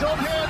Don't here.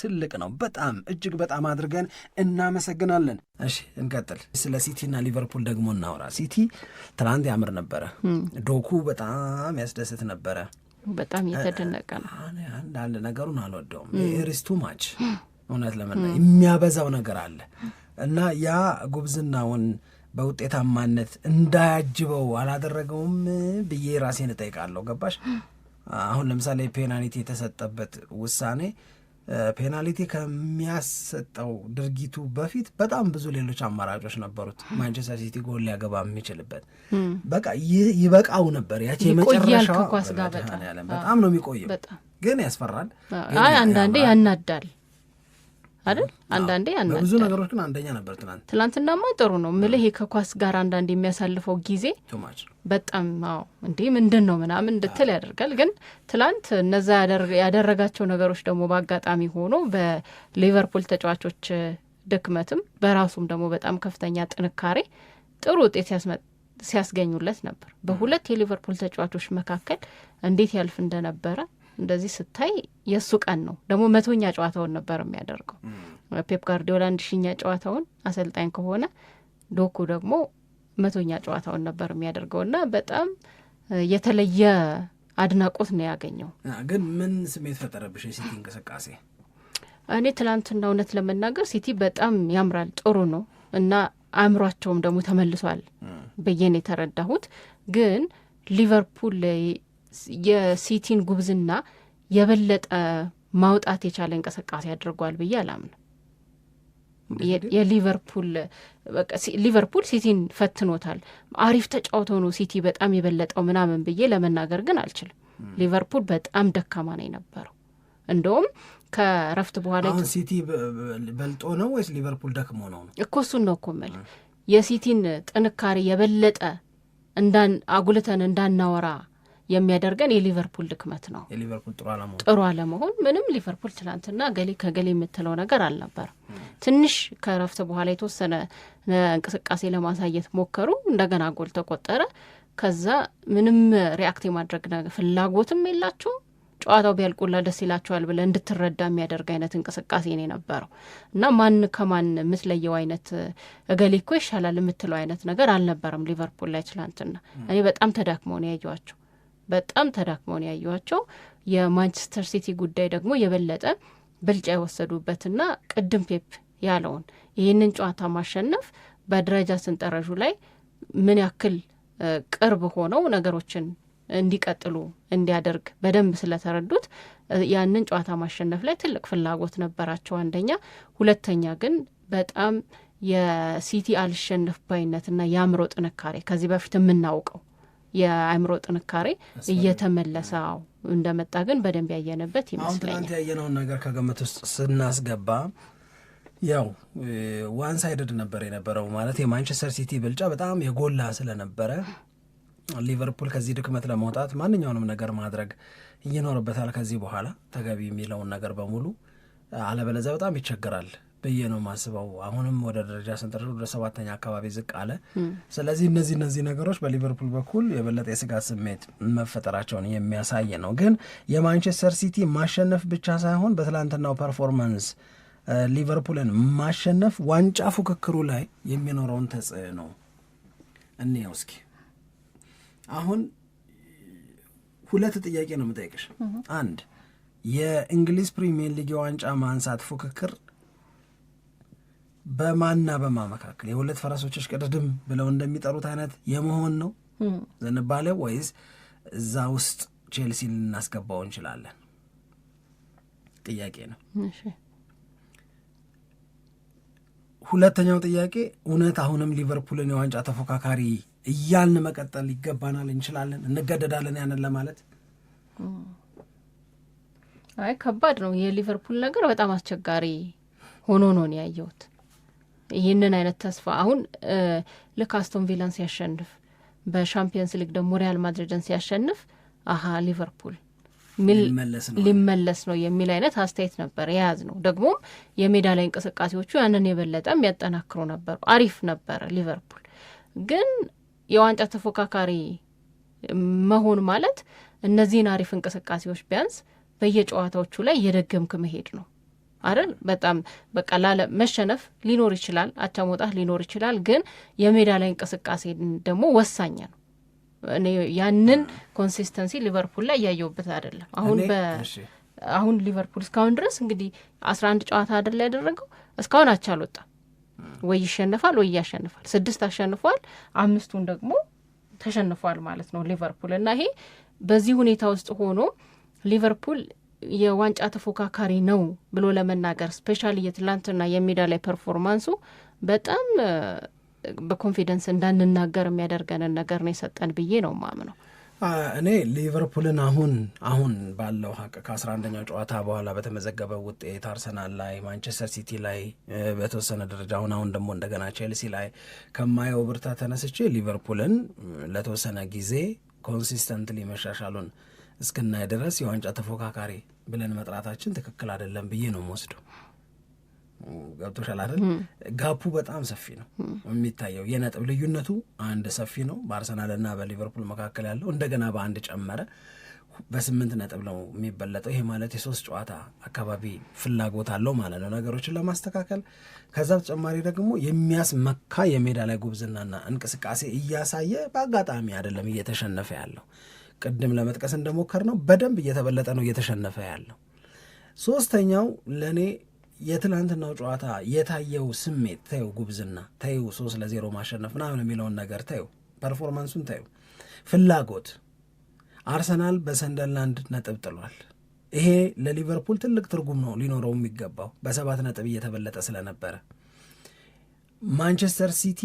ትልቅ ነው። በጣም እጅግ በጣም አድርገን እናመሰግናለን። እሺ እንቀጥል። ስለ ሲቲና ሊቨርፑል ደግሞ እናውራ። ሲቲ ትናንት ያምር ነበረ። ዶኩ በጣም ያስደስት ነበረ። በጣም እየተደነቀ ነው። አንዳንድ ነገሩን አልወደውም። የሪስቱ ማች እውነት ለምን የሚያበዛው ነገር አለ እና ያ ጉብዝናውን በውጤታማነት እንዳያጅበው አላደረገውም ብዬ ራሴን እጠይቃለሁ። ገባሽ? አሁን ለምሳሌ ፔናልቲ የተሰጠበት ውሳኔ ፔናልቲ ከሚያሰጠው ድርጊቱ በፊት በጣም ብዙ ሌሎች አማራጮች ነበሩት። ማንቸስተር ሲቲ ጎል ሊያገባ የሚችልበት በቃ ይበቃው ነበር። ያቺ የመጨረሻ በጣም ነው የሚቆየው፣ ግን ያስፈራል። አይ አንዳንዴ ያናዳል። አይደል? አንዳንዴ ብዙ ነገሮች ግን አንደኛ ነበር ትናንት። ትናንትናማ ጥሩ ነው ምልህ ከኳስ ጋር አንዳንድ የሚያሳልፈው ጊዜ በጣም አዎ፣ እንዲህ ምንድን ነው ምናምን እንድትል ያደርጋል። ግን ትናንት እነዛ ያደረጋቸው ነገሮች ደግሞ በአጋጣሚ ሆኖ በሊቨርፑል ተጫዋቾች ድክመትም በራሱም ደግሞ በጣም ከፍተኛ ጥንካሬ ጥሩ ውጤት ሲያስገኙለት ነበር። በሁለት የሊቨርፑል ተጫዋቾች መካከል እንዴት ያልፍ እንደነበረ እንደዚህ ስታይ የእሱ ቀን ነው። ደግሞ መቶኛ ጨዋታውን ነበር የሚያደርገው ፔፕ ጋርዲዮላ አንድ ሺኛ ጨዋታውን አሰልጣኝ ከሆነ ዶኩ ደግሞ መቶኛ ጨዋታውን ነበር የሚያደርገው እና በጣም የተለየ አድናቆት ነው ያገኘው። ግን ምን ስሜት ፈጠረብሽ የሲቲ እንቅስቃሴ? እኔ ትላንትና እውነት ለመናገር ሲቲ በጣም ያምራል፣ ጥሩ ነው እና አእምሯቸውም ደግሞ ተመልሷል ብዬን የተረዳሁት ግን ሊቨርፑል የሲቲን ጉብዝና የበለጠ ማውጣት የቻለ እንቅስቃሴ አድርጓል ብዬ አላምንም። የሊቨርፑል ሊቨርፑል ሲቲን ፈትኖታል። አሪፍ ተጫውተው ነው ሲቲ በጣም የበለጠው ምናምን ብዬ ለመናገር ግን አልችልም። ሊቨርፑል በጣም ደካማ ነው የነበረው። እንደውም ከረፍት በኋላ ሲቲ በልጦ ነው ወይስ ሊቨርፑል ደክሞ ነው? እኮ እሱን ነው እኮ የምልህ የሲቲን ጥንካሬ የበለጠ እንዳን አጉልተን እንዳናወራ የሚያደርገን የሊቨርፑል ድክመት ነው። ጥሩ አለመሆን ምንም ሊቨርፑል ትላንትና ገሌ ከገሌ የምትለው ነገር አልነበርም። ትንሽ ከረፍት በኋላ የተወሰነ እንቅስቃሴ ለማሳየት ሞከሩ። እንደገና ጎል ተቆጠረ። ከዛ ምንም ሪያክት የማድረግ ፍላጎትም የላቸውም። ጨዋታው ቢያልቁላ ደስ ይላቸዋል ብለ እንድትረዳ የሚያደርግ አይነት እንቅስቃሴ ነው የነበረው እና ማን ከማን የምትለየው አይነት እገሌ እኮ ይሻላል የምትለው አይነት ነገር አልነበረም ሊቨርፑል ላይ ትላንትና። እኔ በጣም ተዳክመው ነው ያየዋቸው። በጣም ተዳክመውን ነው የማንቸስተር ሲቲ ጉዳይ ደግሞ የበለጠ ብልጫ የወሰዱበትና ቅድም ፔፕ ያለውን ይህንን ጨዋታ ማሸነፍ በደረጃ ስንጠረዡ ላይ ምን ያክል ቅርብ ሆነው ነገሮችን እንዲቀጥሉ እንዲያደርግ በደንብ ስለተረዱት ያንን ጨዋታ ማሸነፍ ላይ ትልቅ ፍላጎት ነበራቸው። አንደኛ፣ ሁለተኛ ግን በጣም የሲቲ አልሸነፍ ባይነትና የአእምሮ ጥንካሬ ከዚህ በፊት የምናውቀው የአእምሮ ጥንካሬ እየተመለሰ እንደመጣ ግን በደንብ ያየንበት ይመስለኛል። አሁን ትናንት ያየነውን ነገር ከግምት ውስጥ ስናስገባ ያው ዋን ሳይደድ ነበር የነበረው ማለት የማንቸስተር ሲቲ ብልጫ በጣም የጎላ ስለነበረ ሊቨርፑል ከዚህ ድክመት ለመውጣት ማንኛውንም ነገር ማድረግ ይኖርበታል ከዚህ በኋላ ተገቢ የሚለውን ነገር በሙሉ አለበለዚያ በጣም ይቸግራል። ብዬ ነው አሁንም ወደ ደረጃ ስንጠረቅ ወደ ሰባተኛ አካባቢ ዝቅ አለ። ስለዚህ እነዚህ እነዚህ ነገሮች በሊቨርፑል በኩል የበለጠ የስጋት ስሜት መፈጠራቸውን የሚያሳይ ነው። ግን የማንቸስተር ሲቲ ማሸነፍ ብቻ ሳይሆን በትላንትናው ፐርፎርማንስ ሊቨርፑልን ማሸነፍ ዋንጫ ፉክክሩ ላይ የሚኖረውን ተጽዕኖ እንየው እስኪ። አሁን ሁለት ጥያቄ ነው የምጠይቅሽ። አንድ የእንግሊዝ ፕሪሚየር ሊግ የዋንጫ ማንሳት ፉክክር በማና በማ መካከል የሁለት ፈረሶች እሽቅድድም ብለው እንደሚጠሩት አይነት የመሆን ነው ዝንባለ ወይስ እዛ ውስጥ ቼልሲ ልናስገባው እንችላለን? ጥያቄ ነው። ሁለተኛው ጥያቄ እውነት አሁንም ሊቨርፑልን የዋንጫ ተፎካካሪ እያልን መቀጠል ይገባናል? እንችላለን? እንገደዳለን ያንን ለማለት? አይ ከባድ ነው። የሊቨርፑል ነገር በጣም አስቸጋሪ ሆኖ ነው ያየሁት። ይህንን አይነት ተስፋ አሁን ልክ አስቶን ቪላን ሲያሸንፍ በሻምፒየንስ ሊግ ደግሞ ሪያል ማድሪድን ሲያሸንፍ አሀ ሊቨርፑል ሊመለስ ነው የሚል አይነት አስተያየት ነበር የያዝ ነው። ደግሞም የሜዳ ላይ እንቅስቃሴዎቹ ያንን የበለጠ የሚያጠናክሩ ነበሩ። አሪፍ ነበረ። ሊቨርፑል ግን የዋንጫ ተፎካካሪ መሆን ማለት እነዚህን አሪፍ እንቅስቃሴዎች ቢያንስ በየጨዋታዎቹ ላይ እየደገምክ መሄድ ነው። አይደል በጣም በቃ ላለ መሸነፍ ሊኖር ይችላል፣ አቻ መውጣት ሊኖር ይችላል። ግን የሜዳ ላይ እንቅስቃሴ ደግሞ ወሳኝ ነው። እኔ ያንን ኮንሲስተንሲ ሊቨርፑል ላይ እያየውበት አይደለም። አሁን አሁን ሊቨርፑል እስካሁን ድረስ እንግዲህ አስራ አንድ ጨዋታ አይደል ያደረገው እስካሁን አቻ አልወጣም። ወይ ይሸንፋል ወይ ያሸንፋል። ስድስት አሸንፏል፣ አምስቱን ደግሞ ተሸንፏል ማለት ነው ሊቨርፑል እና ይሄ በዚህ ሁኔታ ውስጥ ሆኖ ሊቨርፑል የዋንጫ ተፎካካሪ ነው ብሎ ለመናገር ስፔሻሊ የትላንትና የሜዳ ላይ ፐርፎርማንሱ በጣም በኮንፊደንስ እንዳንናገር የሚያደርገንን ነገር ነው የሰጠን ብዬ ነው ማምነው። እኔ ሊቨርፑልን አሁን አሁን ባለው ሀቅ ከአስራ አንደኛው ጨዋታ በኋላ በተመዘገበው ውጤት አርሰናል ላይ፣ ማንቸስተር ሲቲ ላይ በተወሰነ ደረጃ አሁን አሁን ደግሞ እንደገና ቼልሲ ላይ ከማየው ብርታ ተነስቼ ሊቨርፑልን ለተወሰነ ጊዜ ኮንሲስተንትሊ መሻሻሉን እስክናይ ድረስ የዋንጫ ተፎካካሪ ብለን መጥራታችን ትክክል አይደለም ብዬ ነው የምወስደው። ገብቶሻል አይደል? ጋፑ በጣም ሰፊ ነው የሚታየው። የነጥብ ልዩነቱ አንድ ሰፊ ነው በአርሰናልና በሊቨርፑል መካከል ያለው እንደገና በአንድ ጨመረ። በስምንት ነጥብ ነው የሚበለጠው። ይሄ ማለት የሶስት ጨዋታ አካባቢ ፍላጎት አለው ማለት ነው ነገሮችን ለማስተካከል። ከዛ በተጨማሪ ደግሞ የሚያስመካ የሜዳ ላይ ጉብዝናና እንቅስቃሴ እያሳየ በአጋጣሚ አይደለም እየተሸነፈ ያለው ቅድም ለመጥቀስ እንደሞከር ነው በደንብ እየተበለጠ ነው እየተሸነፈ ያለው። ሶስተኛው ለእኔ የትላንትናው ጨዋታ የታየው ስሜት ታየው፣ ጉብዝና ታየው፣ ሶስት ለዜሮ ማሸነፍ ምናምን የሚለውን ነገር ታየው፣ ፐርፎርማንሱን ታየው፣ ፍላጎት አርሰናል በሰንደርላንድ ነጥብ ጥሏል። ይሄ ለሊቨርፑል ትልቅ ትርጉም ነው ሊኖረው የሚገባው በሰባት ነጥብ እየተበለጠ ስለነበረ ማንቸስተር ሲቲ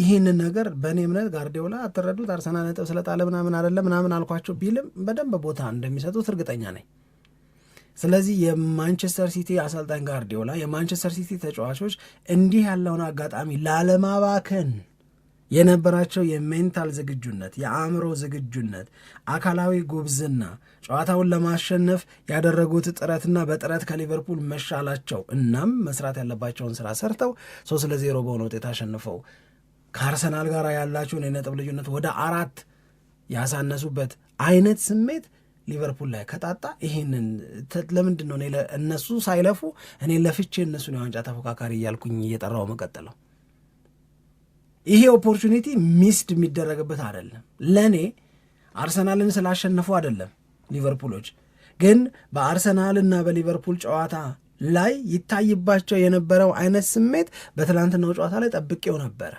ይህንን ነገር በእኔ እምነት ጋርዲዮላ አትረዱት አርሰናል ነጥብ ስለጣለ ምናምን አደለ ምናምን አልኳቸው ቢልም በደንብ ቦታ እንደሚሰጡት እርግጠኛ ነኝ። ስለዚህ የማንቸስተር ሲቲ አሰልጣኝ ጋርዲዮላ የማንቸስተር ሲቲ ተጫዋቾች እንዲህ ያለውን አጋጣሚ ላለማባከን የነበራቸው የሜንታል ዝግጁነት፣ የአእምሮ ዝግጁነት፣ አካላዊ ጉብዝና፣ ጨዋታውን ለማሸነፍ ያደረጉት ጥረትና በጥረት ከሊቨርፑል መሻላቸው እናም መስራት ያለባቸውን ስራ ሰርተው ሶስት ለዜሮ በሆነ ውጤት አሸንፈው ከአርሰናል ጋር ያላቸውን የነጥብ ልዩነት ወደ አራት ያሳነሱበት አይነት ስሜት ሊቨርፑል ላይ ከጣጣ ይህንን ለምንድን ነው እነሱ ሳይለፉ እኔ ለፍቼ እነሱን የዋንጫ ተፎካካሪ እያልኩኝ እየጠራው መቀጠለው? ይሄ ኦፖርቹኒቲ ሚስድ የሚደረግበት አይደለም። ለእኔ አርሰናልን ስላሸነፉ አይደለም። ሊቨርፑሎች ግን በአርሰናልና በሊቨርፑል ጨዋታ ላይ ይታይባቸው የነበረው አይነት ስሜት በትናንትናው ጨዋታ ላይ ጠብቄው ነበረ።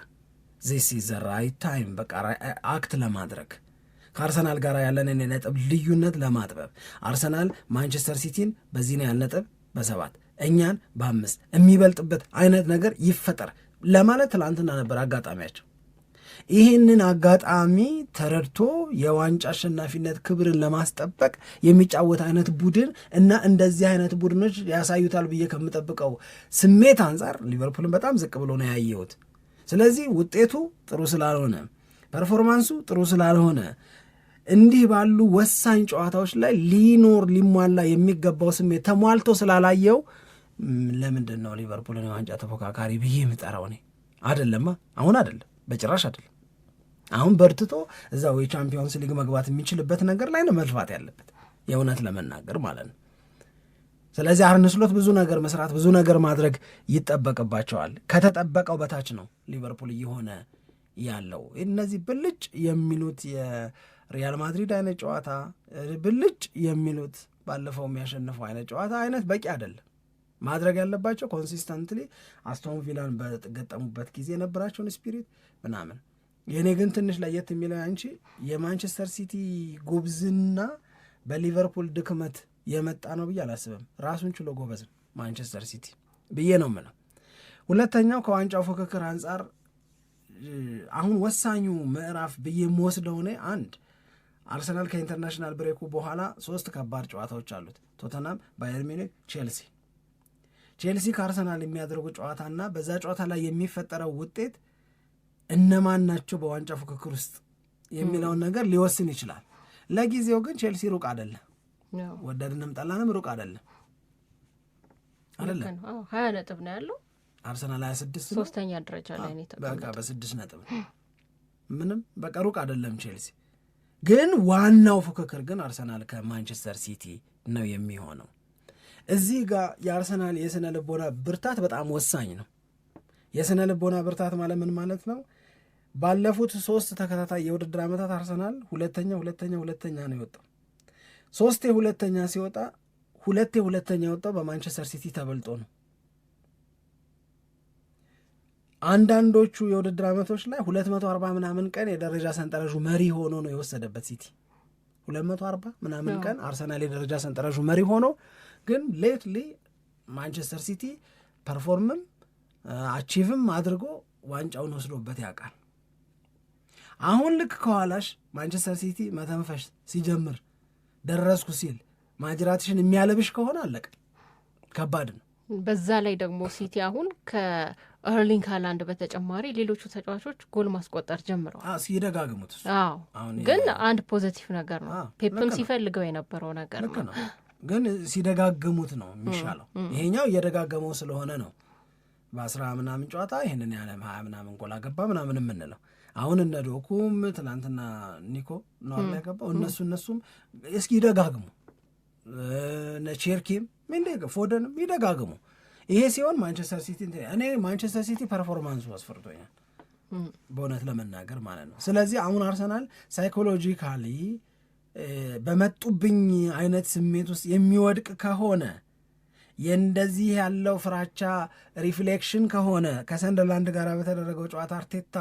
ዚስ ኢዝ ዘ ራይት ታይም በቃ አክት ለማድረግ ከአርሰናል ጋር ያለንን የነጥብ ልዩነት ለማጥበብ አርሰናል ማንቸስተር ሲቲን በዚህ ነው ያህል ነጥብ በሰባት እኛን በአምስት የሚበልጥበት አይነት ነገር ይፈጠር ለማለት ትላንትና ነበር አጋጣሚያቸው። ይህንን አጋጣሚ ተረድቶ የዋንጫ አሸናፊነት ክብርን ለማስጠበቅ የሚጫወት አይነት ቡድን እና እንደዚህ አይነት ቡድኖች ያሳዩታል ብዬ ከምጠብቀው ስሜት አንጻር ሊቨርፑልን በጣም ዝቅ ብሎ ነው ያየሁት። ስለዚህ ውጤቱ ጥሩ ስላልሆነ ፐርፎርማንሱ ጥሩ ስላልሆነ እንዲህ ባሉ ወሳኝ ጨዋታዎች ላይ ሊኖር ሊሟላ የሚገባው ስሜት ተሟልቶ ስላላየው ለምንድን ነው ሊቨርፑልን የዋንጫ ተፎካካሪ ብዬ የምጠራው? እኔ አደለማ፣ አሁን አደለም፣ በጭራሽ አደለም። አሁን በርትቶ እዛው የቻምፒዮንስ ሊግ መግባት የሚችልበት ነገር ላይ ነው መልፋት ያለበት የእውነት ለመናገር ማለት ነው። ስለዚህ አርነ ስሎት ብዙ ነገር መስራት ብዙ ነገር ማድረግ ይጠበቅባቸዋል። ከተጠበቀው በታች ነው ሊቨርፑል እየሆነ ያለው። እነዚህ ብልጭ የሚሉት የሪያል ማድሪድ አይነት ጨዋታ ብልጭ የሚሉት ባለፈው የሚያሸንፈው አይነት ጨዋታ አይነት በቂ አይደለም። ማድረግ ያለባቸው ኮንሲስተንትሊ አስቶን ቪላን በገጠሙበት ጊዜ የነበራቸውን ስፒሪት ምናምን። የእኔ ግን ትንሽ ለየት የሚለው አንቺ የማንቸስተር ሲቲ ጉብዝና በሊቨርፑል ድክመት የመጣ ነው ብዬ አላስብም። ራሱን ችሎ ጎበዝ ማንቸስተር ሲቲ ብዬ ነው ምለው። ሁለተኛው ከዋንጫው ፉክክር አንጻር አሁን ወሳኙ ምዕራፍ ብዬ የምወስደው እኔ አንድ አርሰናል ከኢንተርናሽናል ብሬኩ በኋላ ሶስት ከባድ ጨዋታዎች አሉት። ቶተናም፣ ባየር ሚኒክ፣ ቼልሲ። ቼልሲ ከአርሰናል የሚያደርጉ ጨዋታና በዛ ጨዋታ ላይ የሚፈጠረው ውጤት እነማን ናቸው በዋንጫ ፉክክር ውስጥ የሚለውን ነገር ሊወስን ይችላል። ለጊዜው ግን ቼልሲ ሩቅ አይደለም። ወደድንም ጠላንም ሩቅ አይደለም አይደለም። ሀያ ነጥብ ነው ያለው አርሰናል ሀያ ስድስት ሶስተኛ ደረጃ ላይ በቃ በስድስት ነጥብ ምንም በቃ ሩቅ አይደለም። ቼልሲ ግን ዋናው ፉክክር ግን አርሰናል ከማንቸስተር ሲቲ ነው የሚሆነው። እዚህ ጋር የአርሰናል የስነ ልቦና ብርታት በጣም ወሳኝ ነው። የስነ ልቦና ብርታት ማለት ምን ማለት ነው? ባለፉት ሶስት ተከታታይ የውድድር ዓመታት አርሰናል ሁለተኛ ሁለተኛ ሁለተኛ ነው የወጣው ሶስቴ ሁለተኛ ሲወጣ ሁለቴ ሁለተኛ የወጣው በማንቸስተር ሲቲ ተበልጦ ነው። አንዳንዶቹ የውድድር ዓመቶች ላይ ሁለት መቶ አርባ ምናምን ቀን የደረጃ ሰንጠረዡ መሪ ሆኖ ነው የወሰደበት ሲቲ አርባ ምናምን ቀን አርሰናል የደረጃ ሰንጠረዡ መሪ ሆኖ ግን ሌትሊ ማንቸስተር ሲቲ ፐርፎርምም አቺቭም አድርጎ ዋንጫውን ወስዶበት ያውቃል። አሁን ልክ ከኋላሽ ማንቸስተር ሲቲ መተንፈሽ ሲጀምር ደረስኩ ሲል ማጅራትሽን የሚያለብሽ ከሆነ አለቀ፣ ከባድ ነው። በዛ ላይ ደግሞ ሲቲ አሁን ከእርሊንግ ሃላንድ በተጨማሪ ሌሎቹ ተጫዋቾች ጎል ማስቆጠር ጀምረዋል። ሲደጋግሙት ግን አንድ ፖዘቲቭ ነገር ነው። ፔፕም ሲፈልገው የነበረው ነገር ነው፣ ግን ሲደጋግሙት ነው የሚሻለው። ይሄኛው እየደጋገመው ስለሆነ ነው በአስራ ምናምን ጨዋታ ይህንን ያለ ሀያ ምናምን ጎል አገባ ምናምን የምንለው አሁን እነ ዶኩም ትናንትና ኒኮ ነው አላ ያገባው እነሱ እነሱም እስኪ ይደጋግሙ ነቼርኪም ቼርኪም ፎደንም ይደጋግሙ። ይሄ ሲሆን ማንቸስተር ሲቲ እኔ ማንቸስተር ሲቲ ፐርፎርማንሱ አስፈርቶኛል በእውነት ለመናገር ማለት ነው። ስለዚህ አሁን አርሰናል ሳይኮሎጂካሊ በመጡብኝ አይነት ስሜት ውስጥ የሚወድቅ ከሆነ የእንደዚህ ያለው ፍራቻ ሪፍሌክሽን ከሆነ ከሰንደርላንድ ጋር በተደረገው ጨዋታ አርቴታ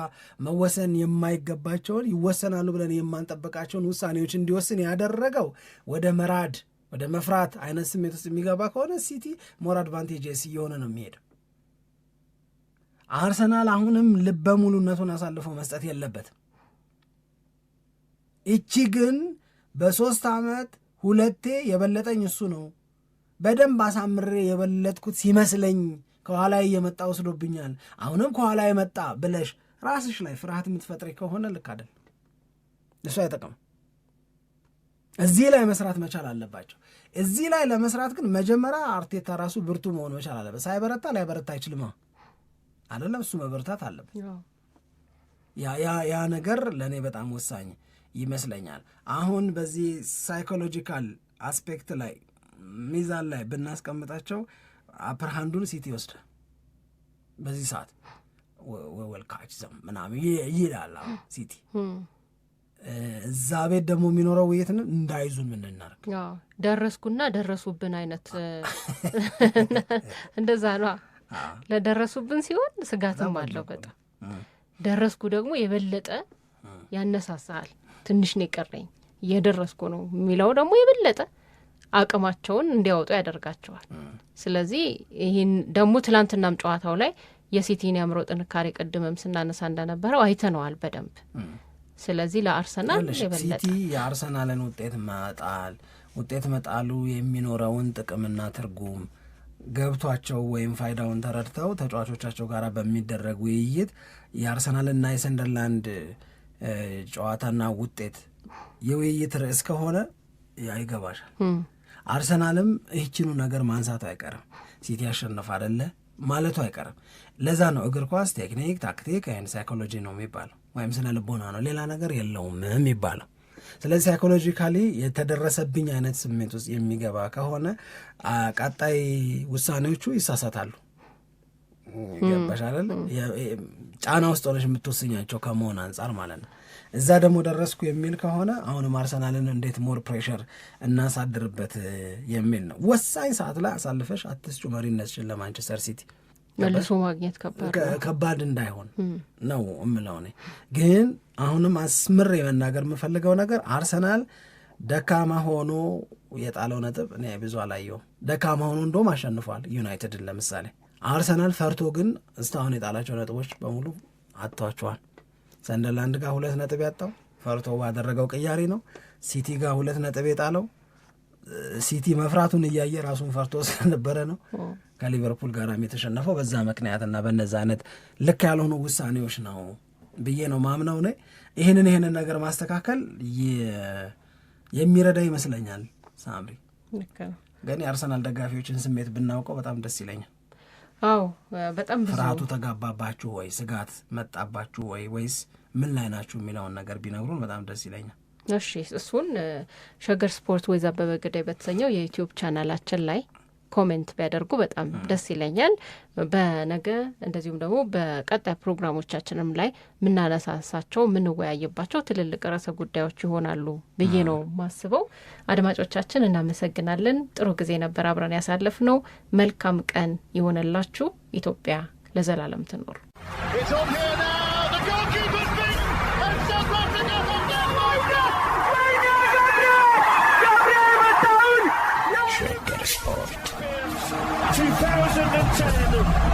መወሰን የማይገባቸውን ይወሰናሉ ብለን የማንጠብቃቸውን ውሳኔዎች እንዲወስን ያደረገው ወደ መራድ ወደ መፍራት አይነት ስሜት ውስጥ የሚገባ ከሆነ ሲቲ ሞር አድቫንቴጅስ እየሆነ ነው የሚሄደው። አርሰናል አሁንም ልበ ሙሉነቱን አሳልፎ መስጠት የለበትም። እቺ ግን በሶስት ዓመት ሁለቴ የበለጠኝ እሱ ነው በደንብ አሳምሬ የበለጥኩት ሲመስለኝ ከኋላ እየመጣ ወስዶብኛል፣ አሁንም ከኋላ የመጣ ብለሽ ራስሽ ላይ ፍርሃት የምትፈጥሪ ከሆነ ልክ አይደል። እሱ አይጠቅም። እዚህ ላይ መስራት መቻል አለባቸው። እዚህ ላይ ለመስራት ግን መጀመሪያ አርቴታ ራሱ ብርቱ መሆን መቻል አለበት። ሳይበረታ ላይበረታ አይችልም አይደለም። እሱ መበረታት አለበት። ያ ነገር ለእኔ በጣም ወሳኝ ይመስለኛል። አሁን በዚህ ሳይኮሎጂካል አስፔክት ላይ ሚዛን ላይ ብናስቀምጣቸው አፐርሃንዱን ሲቲ ወስደ በዚህ ሰዓት ወልካች ዘም ምናምን ይላል ሲቲ። እዛ ቤት ደግሞ የሚኖረው ውይይትን እንዳይዙን እናርግ፣ ደረስኩና ደረሱብን አይነት እንደዛ ነ ለደረሱብን ሲሆን ስጋትም አለው በጣም ደረስኩ ደግሞ የበለጠ ያነሳሳል። ትንሽ ነው የቀረኝ እየደረስኩ ነው የሚለው ደግሞ የበለጠ አቅማቸውን እንዲያወጡ ያደርጋቸዋል። ስለዚህ ይህን ደግሞ ትላንትናም ጨዋታው ላይ የሲቲን የአእምሮ ጥንካሬ ቅድምም ስናነሳ እንደነበረው አይተነዋል በደንብ ስለዚህ ለአርሰናል ሲቲ የአርሰናልን ውጤት መጣል ውጤት መጣሉ የሚኖረውን ጥቅምና ትርጉም ገብቷቸው ወይም ፋይዳውን ተረድተው ተጫዋቾቻቸው ጋር በሚደረግ ውይይት የአርሰናልና የሰንደርላንድ ጨዋታና ውጤት የውይይት ርዕስ ከሆነ አይገባሻል። አርሰናልም ይህችኑ ነገር ማንሳቱ አይቀርም። ሲቲ ያሸነፍ አደለ ማለቱ አይቀርም። ለዛ ነው እግር ኳስ ቴክኒክ፣ ታክቲክ ወይም ሳይኮሎጂ ነው የሚባለው ወይም ስነ ልቦና ነው፣ ሌላ ነገር የለውም የሚባለው። ስለዚህ ሳይኮሎጂካሊ የተደረሰብኝ አይነት ስሜት ውስጥ የሚገባ ከሆነ ቀጣይ ውሳኔዎቹ ይሳሳታሉ። ገባሽ አይደል? ጫና ውስጥ ሆነሽ የምትወስኛቸው ከመሆን አንጻር ማለት ነው። እዛ ደግሞ ደረስኩ የሚል ከሆነ አሁንም አርሰናልን እንዴት ሞር ፕሬሸር እናሳድርበት የሚል ነው። ወሳኝ ሰዓት ላይ አሳልፈሽ አትስጩ መሪነትሽን ለማንቸስተር ሲቲ መልሶ ማግኘት ከባድ እንዳይሆን ነው እምለው። እኔ ግን አሁንም አስምር የመናገር የምፈልገው ነገር አርሰናል ደካማ ሆኖ የጣለው ነጥብ እኔ ብዙ አላየውም። ደካማ ሆኖ እንደውም አሸንፏል ዩናይትድን ለምሳሌ። አርሰናል ፈርቶ ግን እስካሁን የጣላቸው ነጥቦች በሙሉ አጥቷቸዋል። ሰንደርላንድ ጋር ሁለት ነጥብ ያጣው ፈርቶ ባደረገው ቅያሬ ነው። ሲቲ ጋር ሁለት ነጥብ የጣለው ሲቲ መፍራቱን እያየ ራሱን ፈርቶ ስለነበረ ነው። ከሊቨርፑል ጋራም የተሸነፈው በዛ ምክንያትና በነዚ አይነት ልክ ያልሆኑ ውሳኔዎች ነው ብዬ ነው ማምነው። ነ ይህንን ይህንን ነገር ማስተካከል የሚረዳ ይመስለኛል። ሳምሪ ግን የአርሰናል ደጋፊዎችን ስሜት ብናውቀው በጣም ደስ ይለኛል። አዎ በጣም ፍርሃቱ ተጋባባችሁ ወይ ስጋት መጣባችሁ ወይ ወይስ ምን ላይ ናችሁ የሚለውን ነገር ቢነግሩን በጣም ደስ ይለኛል። እሺ እሱን ሸገር ስፖርት ወይዛ አበበ ገዳይ በተሰኘው የዩትዩብ ቻናላችን ላይ ኮሜንት ቢያደርጉ በጣም ደስ ይለኛል። በነገ እንደዚሁም ደግሞ በቀጣይ ፕሮግራሞቻችንም ላይ የምናነሳሳቸው የምንወያይባቸው ትልልቅ ርዕሰ ጉዳዮች ይሆናሉ ብዬ ነው ማስበው። አድማጮቻችን እናመሰግናለን። ጥሩ ጊዜ ነበር አብረን ያሳለፍ ነው። መልካም ቀን ይሆነላችሁ። ኢትዮጵያ ለዘላለም ትኖር። together.